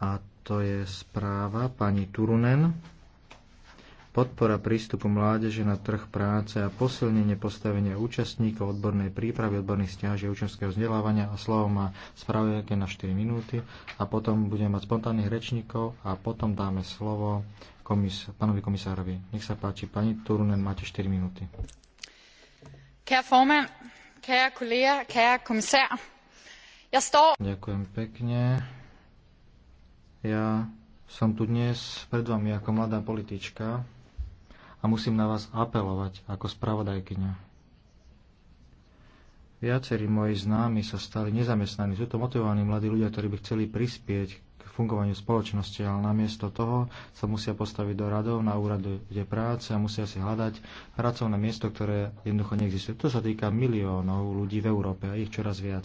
A to je správa pani Turunen. Podpora prístupu mládeže na trh práce a posilnenie postavenia účastníkov odbornej prípravy, odborných stiaží, účastného vzdelávania a slovo má spravodajke na 4 minúty a potom budeme mať spontánnych rečníkov a potom dáme slovo komis- pánovi komisárovi. Nech sa páči, pani Turunen, máte 4 minúty. Kære formand, kære kolega, kære komisár. Ja står... Ďakujem pekne, ja som tu dnes pred vami ako mladá politička a musím na vás apelovať ako spravodajkyňa. Viacerí moji známi sa stali nezamestnaní. Sú to motivovaní mladí ľudia, ktorí by chceli prispieť k fungovaniu spoločnosti, ale namiesto toho sa musia postaviť do radov na úradu kde práce a musia si hľadať pracovné miesto, ktoré jednoducho neexistuje. To sa týka miliónov ľudí v Európe a ich čoraz viac.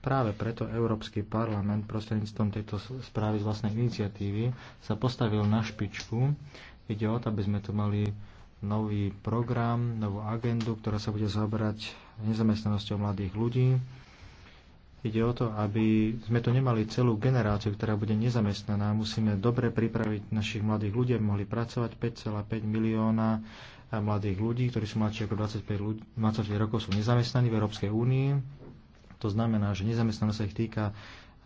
Práve preto Európsky parlament prostredníctvom tejto správy z vlastnej iniciatívy sa postavil na špičku. Ide o to, aby sme tu mali nový program, novú agendu, ktorá sa bude zaoberať nezamestnanosťou mladých ľudí. Ide o to, aby sme tu nemali celú generáciu, ktorá bude nezamestnaná. Musíme dobre pripraviť našich mladých ľudí, aby mohli pracovať. 5,5 milióna mladých ľudí, ktorí sú mladší ako 25, 25 rokov, sú nezamestnaní v Európskej únii to znamená, že nezamestnanosť sa ich týka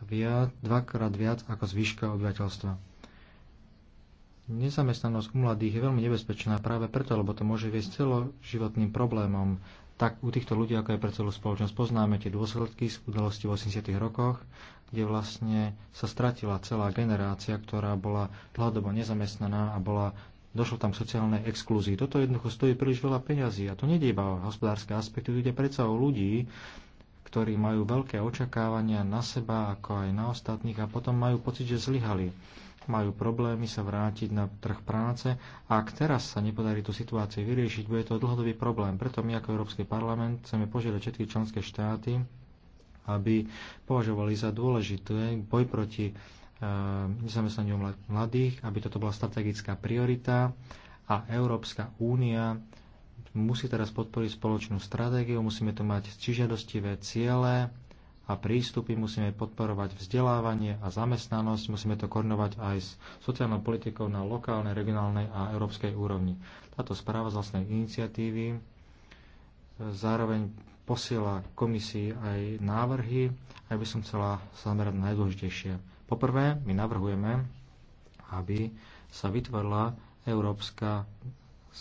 viac, dvakrát viac ako zvyška obyvateľstva. Nezamestnanosť u mladých je veľmi nebezpečná práve preto, lebo to môže viesť celoživotným problémom, tak u týchto ľudí, ako aj pre celú spoločnosť. Poznáme tie dôsledky z udalosti v 80. rokoch, kde vlastne sa stratila celá generácia, ktorá bola dlhodobo nezamestnaná a bola došlo tam k sociálnej exklúzii. Toto jednoducho stojí príliš veľa peňazí a to nedie iba o hospodárske aspekty, tu ide predsa o ľudí, ktorí majú veľké očakávania na seba, ako aj na ostatných a potom majú pocit, že zlyhali. Majú problémy sa vrátiť na trh práce a ak teraz sa nepodarí tú situáciu vyriešiť, bude to dlhodobý problém. Preto my ako Európsky parlament chceme požiadať všetky členské štáty, aby považovali za dôležité boj proti e, nezamestnaniu mladých, aby toto bola strategická priorita a Európska únia musí teraz podporiť spoločnú stratégiu, musíme tu mať čižiadostivé ciele a prístupy, musíme podporovať vzdelávanie a zamestnanosť, musíme to koordinovať aj s sociálnou politikou na lokálnej, regionálnej a európskej úrovni. Táto správa z vlastnej iniciatívy zároveň posiela komisii aj návrhy, aj by som chcela zamerať na najdôležitejšie. Poprvé, my navrhujeme, aby sa vytvorila európska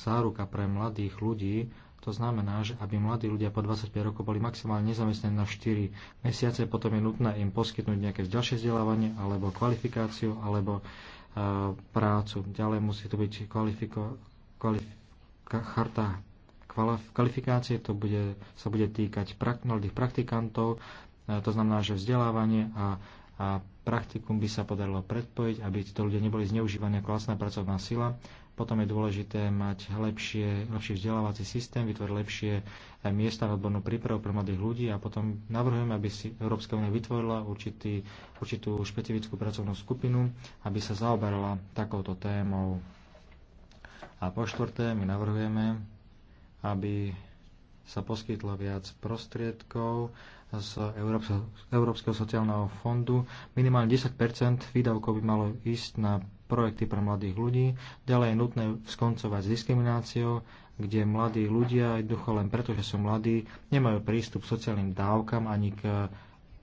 záruka pre mladých ľudí. To znamená, že aby mladí ľudia po 25 rokov boli maximálne nezamestnaní na 4 mesiace, potom je nutné im poskytnúť nejaké ďalšie vzdelávanie alebo kvalifikáciu alebo e, prácu. Ďalej musí to byť kvalifiko, kvalif, charta kvalifikácie, to bude, sa bude týkať prak, mladých praktikantov, e, to znamená, že vzdelávanie a, a praktikum by sa podarilo predpojiť, aby títo ľudia neboli zneužívaní ako vlastná pracovná sila. Potom je dôležité mať lepšie, lepší vzdelávací systém, vytvoriť lepšie eh, miesta na odbornú prípravu pre mladých ľudí a potom navrhujem, aby si Európska únia vytvorila určitý, určitú špecifickú pracovnú skupinu, aby sa zaoberala takouto témou. A po štvrté, my navrhujeme, aby sa poskytlo viac prostriedkov z Európskeho sociálneho fondu. Minimálne 10 výdavkov by malo ísť na projekty pre mladých ľudí. Ďalej je nutné skoncovať s diskrimináciou, kde mladí ľudia jednoducho len preto, že sú mladí, nemajú prístup k sociálnym dávkam ani k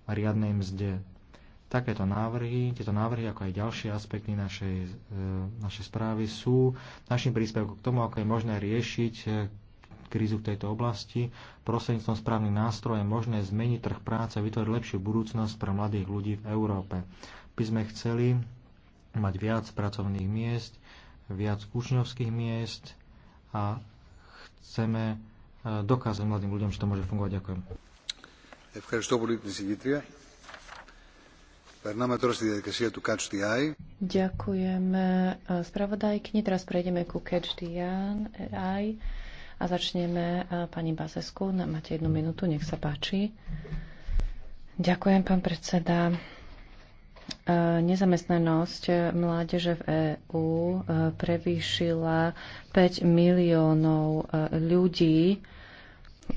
riadnej mzde. Takéto návrhy, tieto návrhy, ako aj ďalšie aspekty našej, e, našej správy sú našim príspevkom k tomu, ako je možné riešiť e, krízu v tejto oblasti. Prostredníctvom správnych nástrojov je možné zmeniť trh práce a vytvoriť lepšiu budúcnosť pre mladých ľudí v Európe. By sme chceli mať viac pracovných miest, viac učňovských miest a chceme e, dokázať mladým ľuďom, že to môže fungovať. Ďakujem. Ďakujeme e, spravodajkni. Teraz prejdeme ku Catch the Eye a začneme e, pani Basesku. Máte jednu minútu, nech sa páči. Ďakujem, pán predseda. E, nezamestnanosť mládeže v EÚ e, prevýšila 5 miliónov e, ľudí.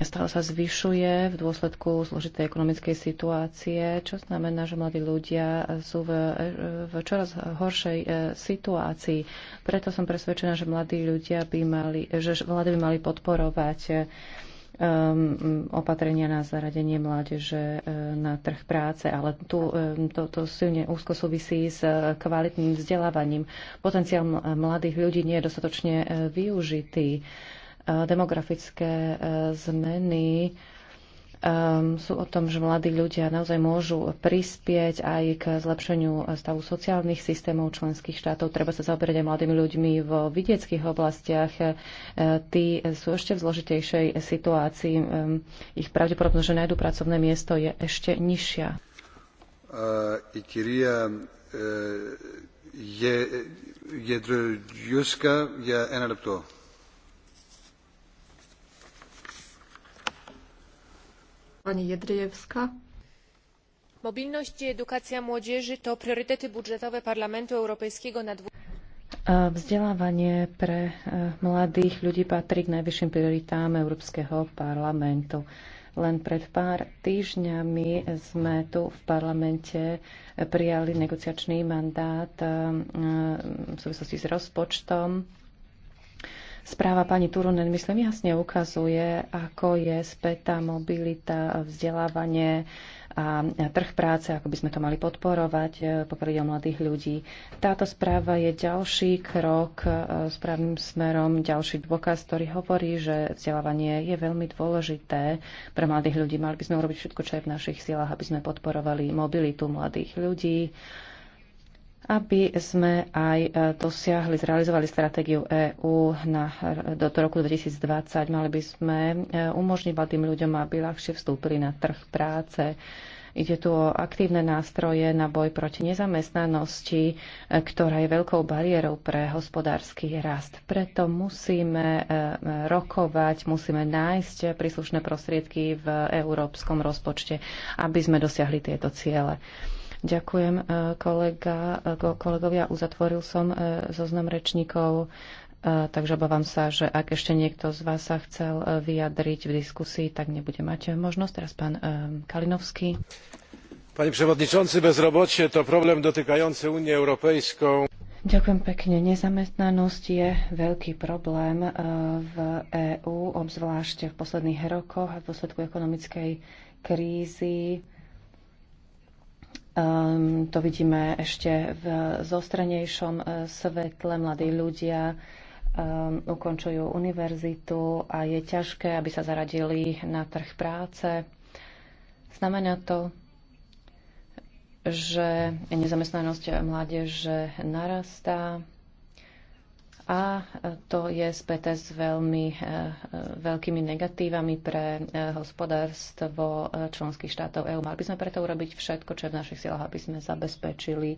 Stále sa zvyšuje v dôsledku zložitej ekonomickej situácie, čo znamená, že mladí ľudia sú v, v čoraz horšej situácii. Preto som presvedčená, že mladí ľudia by mali, že mladí by mali podporovať um, opatrenia na zaradenie mládeže e, na trh práce, ale tu um, to, to silne úzko súvisí s e, kvalitným vzdelávaním. Potenciál mladých ľudí nie je dostatočne e, využitý. Demografické zmeny um, sú o tom, že mladí ľudia naozaj môžu prispieť aj k zlepšeniu stavu sociálnych systémov členských štátov. Treba sa zaoberať aj mladými ľuďmi v vidieckých oblastiach. Ehm, tí sú ešte v zložitejšej situácii. Ehm, ich pravdepodobnosť, že nájdu pracovné miesto, je ešte nižšia. Uh, kyria, uh, je, je, je, je, je, je, je, je, je, je, Pani Jedrievska. Mobilność i edukacja młodzieży to priorytety budżetowe Parlamentu Europejskiego na dwu... Vzdelávanie pre e, mladých ľudí patrí k najvyšším prioritám Európskeho parlamentu. Len pred pár týždňami sme tu v parlamente prijali negociačný mandát e, e, v súvislosti s rozpočtom Správa pani Turunen, myslím, jasne ukazuje, ako je spätá mobilita, vzdelávanie a trh práce, ako by sme to mali podporovať, eh, pokiaľ o mladých ľudí. Táto správa je ďalší krok eh, správnym smerom, ďalší dôkaz, ktorý hovorí, že vzdelávanie je veľmi dôležité pre mladých ľudí. Mali by sme urobiť všetko, čo je v našich silách, aby sme podporovali mobilitu mladých ľudí aby sme aj e, dosiahli, zrealizovali stratégiu EÚ na, e, do, do roku 2020. Mali by sme e, umožniť mladým ľuďom, aby ľahšie vstúpili na trh práce. Ide tu o aktívne nástroje na boj proti nezamestnanosti, ktorá je veľkou bariérou pre hospodársky rast. Preto musíme rokovať, musíme nájsť príslušné prostriedky v európskom rozpočte, aby sme dosiahli tieto ciele. Ďakujem e, kolega, e, kolegovia. Uzatvoril som e, zoznam rečníkov, takže obávam sa, že ak ešte niekto z vás sa chcel vyjadriť v diskusii, tak nebude mať možnosť. Teraz pán Kalinovský. Pani przewodniczący, bezrobocie to problém dotykający Unię Europejską. Ďakujem pekne. Nezamestnanosť je veľký problém v EÚ, obzvlášť v posledných rokoch a v dôsledku ekonomickej krízy Um, to vidíme ešte v zostranejšom eh, svetle. Mladí ľudia um, ukončujú univerzitu a je ťažké, aby sa zaradili na trh práce. Znamená to, že nezamestnanosť mládeže narastá a to je späté s veľmi eh, veľkými negatívami pre eh, hospodárstvo eh, členských štátov EÚ. Mali by sme preto urobiť všetko, čo je v našich silách, aby sme zabezpečili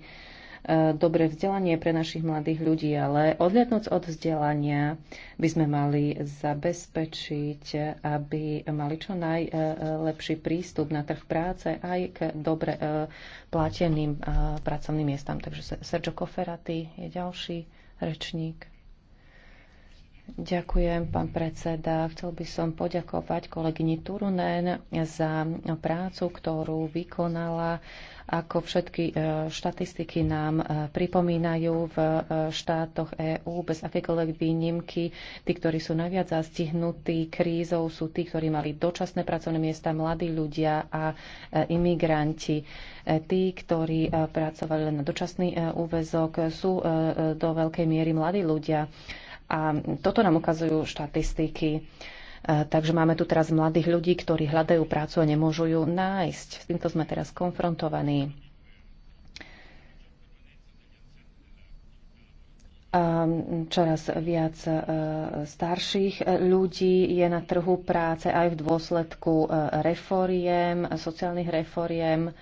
dobré vzdelanie pre našich mladých ľudí, ale odliadnúc od vzdelania by sme mali zabezpečiť, aby mali čo najlepší prístup na trh práce aj k dobre plateným pracovným miestam. Takže Sergio Koferati je ďalší rečník. Ďakujem, pán predseda. Chcel by som poďakovať kolegyni Turunen za prácu, ktorú vykonala. Ako všetky e, štatistiky nám e, pripomínajú v e, štátoch EÚ bez akékoľvek výnimky, tí, ktorí sú najviac zastihnutí krízou, sú tí, ktorí mali dočasné pracovné miesta, mladí ľudia a imigranti. Tí, ktorí pracovali len na dočasný úvezok, sú do veľkej miery mladí ľudia. A toto nám ukazujú štatistiky. E, takže máme tu teraz mladých ľudí, ktorí hľadajú prácu a nemôžu ju nájsť. S týmto sme teraz konfrontovaní. čoraz viac e, starších ľudí je na trhu práce aj v dôsledku e, reforiem, sociálnych reforiem.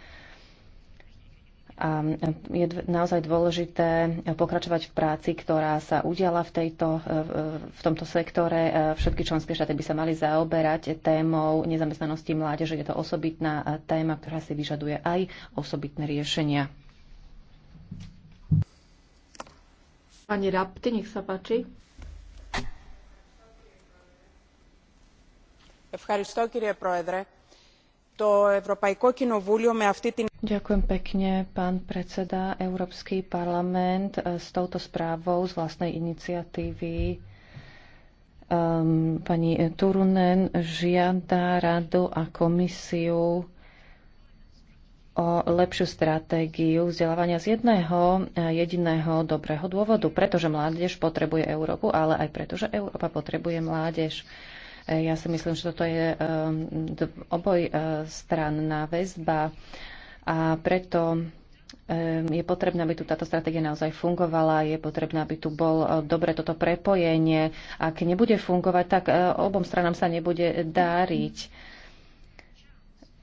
A e, je naozaj dôležité e, pokračovať v práci, ktorá sa udiala v, tejto, e, v tomto sektore. Všetky členské štáty by sa mali zaoberať témou nezamestnanosti mládeže. Je to osobitná téma, ktorá si vyžaduje aj osobitné riešenia. Pani Rapti, nech sa páči. Ευχαριστώ κύριε proedre to Ďakujem pekne, pán predseda. Európsky parlament eh, s touto správou z vlastnej iniciatívy um, pani Turunen žiada radu a komisiu o lepšiu stratégiu vzdelávania z jedného eh, jediného dobrého dôvodu. Pretože mládež potrebuje Európu, ale aj preto, že Európa potrebuje mládež. Uh, ja si myslím, že toto je ehm, oboj eh, stranná väzba a preto ehm, je potrebné, aby tu táto stratégia naozaj fungovala, je potrebné, aby tu bol eh, dobre toto prepojenie. Ak nebude fungovať, tak eh, obom stranám sa nebude dáriť.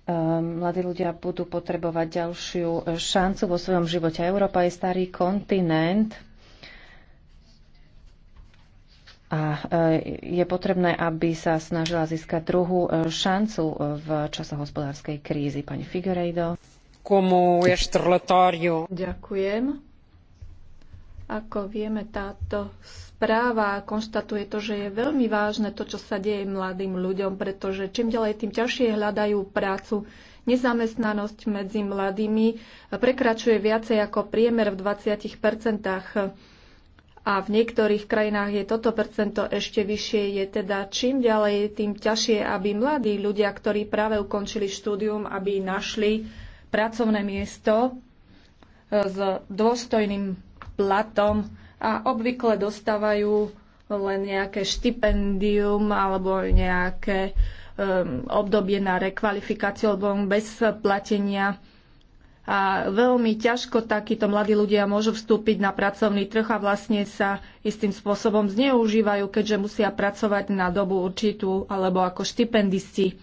Ehm, mladí ľudia budú potrebovať ďalšiu šancu vo svojom živote. Európa je starý kontinent, a e, je potrebné, aby sa snažila získať druhú e, šancu e, v čase hospodárskej krízy. Pani Figueiredo. Ďakujem. Ako vieme, táto správa konštatuje to, že je veľmi vážne to, čo sa deje mladým ľuďom, pretože čím ďalej, tým ťažšie hľadajú prácu. Nezamestnanosť medzi mladými prekračuje viacej ako priemer v 20 a v niektorých krajinách je toto percento ešte vyššie, je teda čím ďalej, tým ťažšie, aby mladí ľudia, ktorí práve ukončili štúdium, aby našli pracovné miesto e, s dôstojným platom a obvykle dostávajú len nejaké štipendium alebo nejaké um, obdobie na rekvalifikáciu alebo bez platenia a veľmi ťažko takíto mladí ľudia môžu vstúpiť na pracovný trh a vlastne sa istým spôsobom zneužívajú, keďže musia pracovať na dobu určitú alebo ako štipendisti.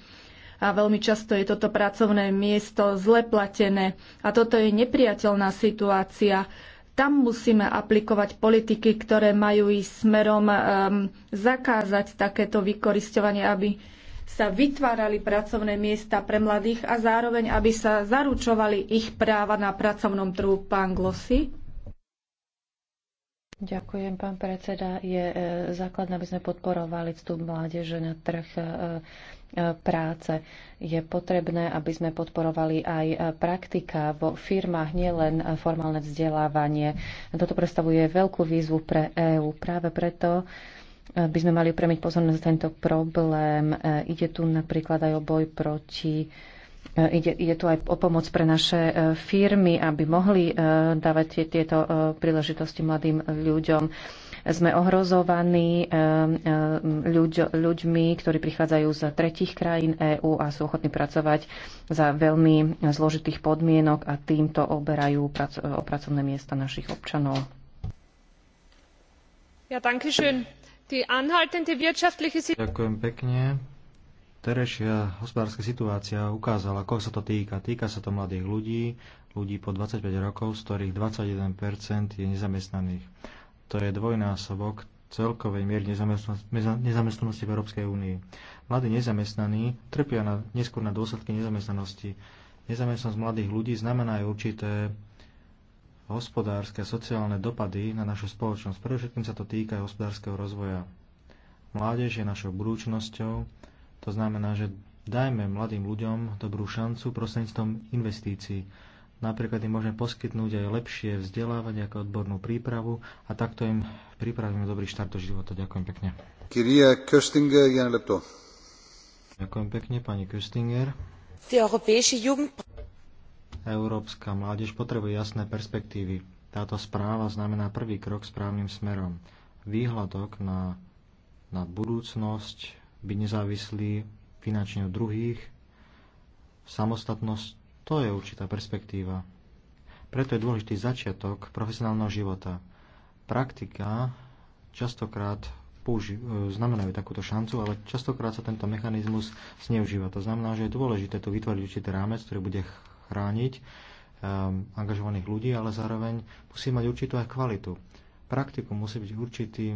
A veľmi často je toto pracovné miesto zle platené. A toto je nepriateľná situácia. Tam musíme aplikovať politiky, ktoré majú ísť smerom um, zakázať takéto vykoristovanie, aby sa vytvárali pracovné miesta pre mladých a zároveň, aby sa zaručovali ich práva na pracovnom trhu. Pán Glosy. Ďakujem, pán predseda. Je e, základné, aby sme podporovali vstup mládeže na trh e, e, práce. Je potrebné, aby sme podporovali aj praktika vo firmách, nielen formálne vzdelávanie. Toto predstavuje veľkú výzvu pre EÚ. Práve preto by sme mali upremiť pozornosť na tento problém. E, ide tu napríklad aj o boj proti e, Ide, ide tu aj o pomoc pre naše e, firmy, aby mohli dávať tieto príležitosti mladým ľuďom. Sme ohrozovaní ľuď, ľuďmi, ktorí prichádzajú z tretich krajín EÚ a sú ochotní pracovať za veľmi zložitých podmienok a týmto oberajú prac, o pracovné miesta našich občanov. Ja, danke schön. Ďakujem pekne. Terejšia hospodárska situácia ukázala, koho sa to týka. Týka sa to mladých ľudí, ľudí po 25 rokov, z ktorých 21% je nezamestnaných. To je dvojnásobok celkovej miery nezamestnanosti v Európskej únii. Mladí nezamestnaní trpia na, neskôr na dôsledky nezamestnanosti. Nezamestnanosť mladých ľudí znamená aj určité hospodárske a sociálne dopady na našu spoločnosť. Predovšetkým sa to týka aj hospodárskeho rozvoja. Mládež je našou budúčnosťou, to znamená, že dajme mladým ľuďom dobrú šancu prostredníctvom investícií. Napríklad im môžeme poskytnúť aj lepšie vzdelávanie ako odbornú prípravu a takto im pripravíme dobrý štart do života. Ďakujem pekne. Ďakujem pekne, pani Köstinger. Die europäische Jugend Európska mládež potrebuje jasné perspektívy. Táto správa znamená prvý krok správnym smerom. Výhľadok na, na budúcnosť by nezávislý finančne od druhých. Samostatnosť to je určitá perspektíva. Preto je dôležitý začiatok profesionálneho života. Praktika častokrát použi- e, znamenajú takúto šancu, ale častokrát sa tento mechanizmus zneužíva. To znamená, že je dôležité tu vytvoriť určitý rámec, ktorý bude chrániť ehm, angažovaných ľudí, ale zároveň musí mať určitú aj kvalitu. Praktiku musí byť určitý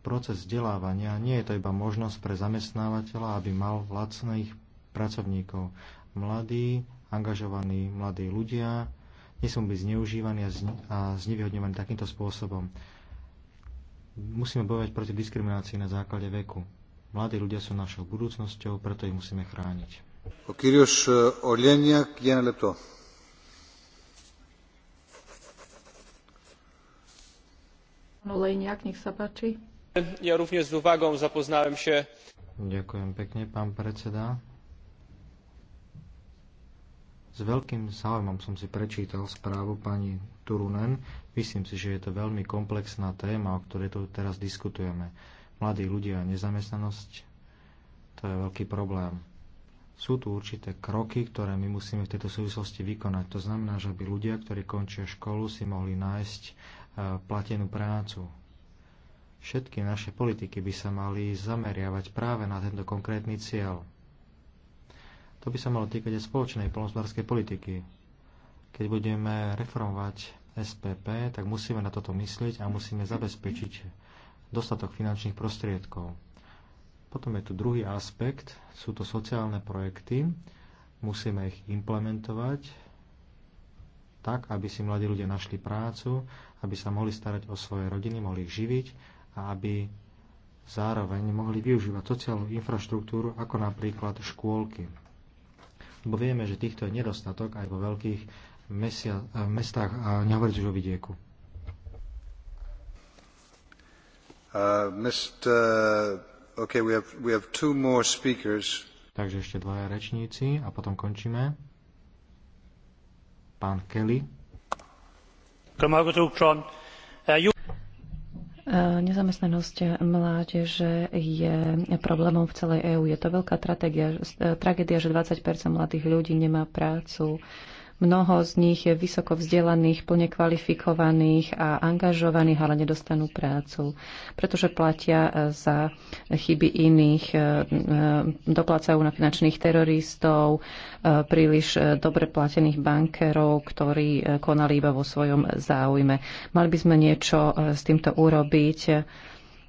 proces vzdelávania. Nie je to iba možnosť pre zamestnávateľa, aby mal lacných pracovníkov. Mladí, angažovaní, mladí ľudia nesmú byť zneužívaní a znevýhodňovaní takýmto spôsobom. Musíme bojovať proti diskriminácii na základe veku. Mladí ľudia sú našou budúcnosťou, preto ich musíme chrániť. Ja zapoznałem się. Ďakujem pekne, pán predseda. S veľkým záujmom som si prečítal správu pani Turunen. Myslím si, že je to veľmi komplexná téma, o ktorej tu teraz diskutujeme. Mladí ľudia a nezamestnanosť, to je veľký problém sú tu určité kroky, ktoré my musíme v tejto súvislosti vykonať. To znamená, že by ľudia, ktorí končia školu, si mohli nájsť e, platenú prácu. Všetky naše politiky by sa mali zameriavať práve na tento konkrétny cieľ. To by sa malo týkať aj spoločnej polnospodárskej politiky. Keď budeme reformovať SPP, tak musíme na toto myslieť a musíme zabezpečiť dostatok finančných prostriedkov. Potom je tu druhý aspekt, sú to sociálne projekty. Musíme ich implementovať tak, aby si mladí ľudia našli prácu, aby sa mohli starať o svoje rodiny, mohli ich živiť a aby zároveň mohli využívať sociálnu infraštruktúru ako napríklad škôlky. Lebo vieme, že týchto je nedostatok aj vo veľkých mesia, eh, mestách a nehovoriť už o vidieku. Uh, Mr. Okay, we have, we have two more speakers. Takže ešte dvaja rečníci a potom končíme. Pán Kelly. Uh, Nezamestnanosť mládeže je problémom v celej EÚ. Je to veľká tragédia, že 20 mladých ľudí nemá prácu. Uh, Mnoho z nich je vysoko vzdelaných, plne kvalifikovaných a angažovaných, ale nedostanú prácu, pretože platia e, za chyby iných, e, e, doplácajú na finančných teroristov, príliš dobre platených bankerov, ktorí konali iba vo svojom záujme. Mali by sme niečo s týmto urobiť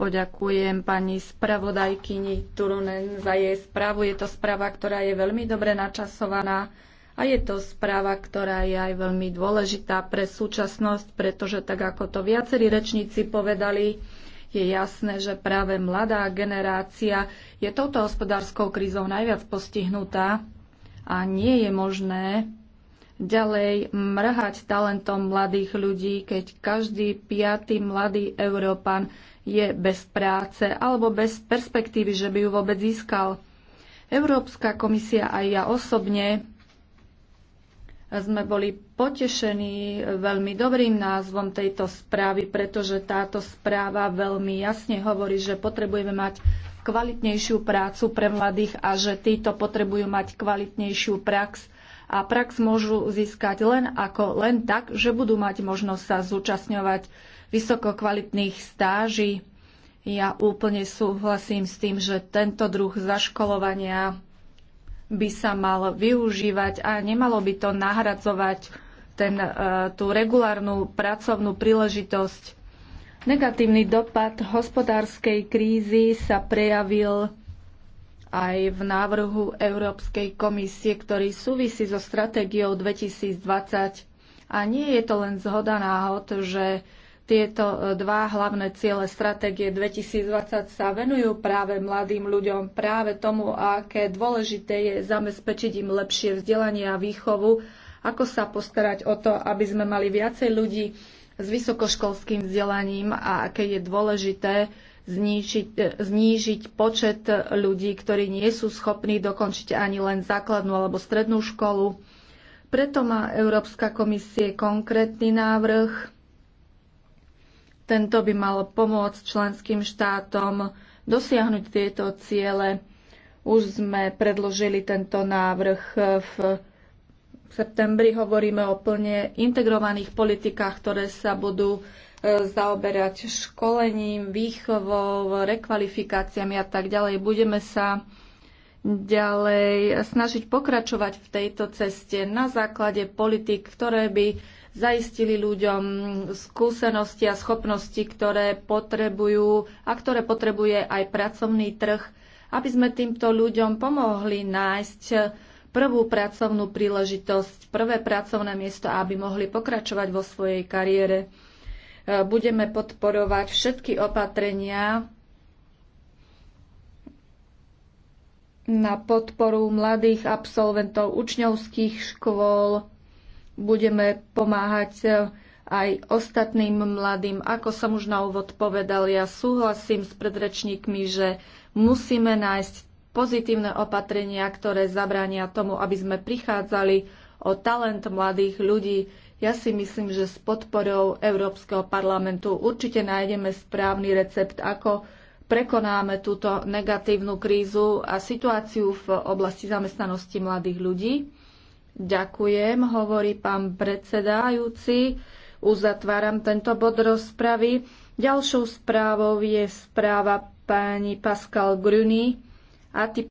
Poďakujem pani spravodajkyni Turunen za jej správu. Je to správa, ktorá je veľmi dobre načasovaná a je to správa, ktorá je aj veľmi dôležitá pre súčasnosť, pretože tak ako to viacerí rečníci povedali, je jasné, že práve mladá generácia je touto hospodárskou krízou najviac postihnutá a nie je možné ďalej mrhať talentom mladých ľudí, keď každý piatý mladý Európan je bez práce alebo bez perspektívy, že by ju vôbec získal. Európska komisia aj ja osobne sme boli potešení veľmi dobrým názvom tejto správy, pretože táto správa veľmi jasne hovorí, že potrebujeme mať kvalitnejšiu prácu pre mladých a že títo potrebujú mať kvalitnejšiu prax a prax môžu získať len ako len tak, že budú mať možnosť sa zúčastňovať vysokokvalitných stáží. Ja úplne súhlasím s tým, že tento druh zaškolovania by sa mal využívať a nemalo by to nahradzovať ten, e, tú regulárnu pracovnú príležitosť. Negatívny dopad hospodárskej krízy sa prejavil aj v návrhu Európskej komisie, ktorý súvisí so stratégiou 2020. A nie je to len zhoda náhod, že tieto dva hlavné ciele stratégie 2020 sa venujú práve mladým ľuďom, práve tomu, aké dôležité je zabezpečiť im lepšie vzdelanie a výchovu, ako sa postarať o to, aby sme mali viacej ľudí s vysokoškolským vzdelaním a aké je dôležité, znížiť, e, znížiť počet ľudí, ktorí nie sú schopní dokončiť ani len základnú alebo strednú školu. Preto má Európska komisie konkrétny návrh. Tento by mal pomôcť členským štátom dosiahnuť tieto ciele. Už sme predložili tento návrh v v septembri hovoríme o plne integrovaných politikách, ktoré sa budú e, zaoberať školením, výchovou, rekvalifikáciami a tak ďalej. Budeme sa ďalej snažiť pokračovať v tejto ceste na základe politik, ktoré by zaistili ľuďom skúsenosti a schopnosti, ktoré potrebujú a ktoré potrebuje aj pracovný trh, aby sme týmto ľuďom pomohli nájsť prvú pracovnú príležitosť, prvé pracovné miesto, aby mohli pokračovať vo svojej kariére. E, budeme podporovať všetky opatrenia na podporu mladých absolventov učňovských škôl. Budeme pomáhať e, aj ostatným mladým. Ako som už na úvod povedal, ja súhlasím s predrečníkmi, že musíme nájsť pozitívne opatrenia, ktoré zabránia tomu, aby sme prichádzali o talent mladých ľudí. Ja si myslím, že s podporou Európskeho parlamentu určite nájdeme správny recept, ako prekonáme túto negatívnu krízu a situáciu v oblasti zamestnanosti mladých ľudí. Ďakujem, hovorí pán predsedajúci. Uzatváram tento bod rozpravy. Ďalšou správou je správa pani Pascal Gruny atypické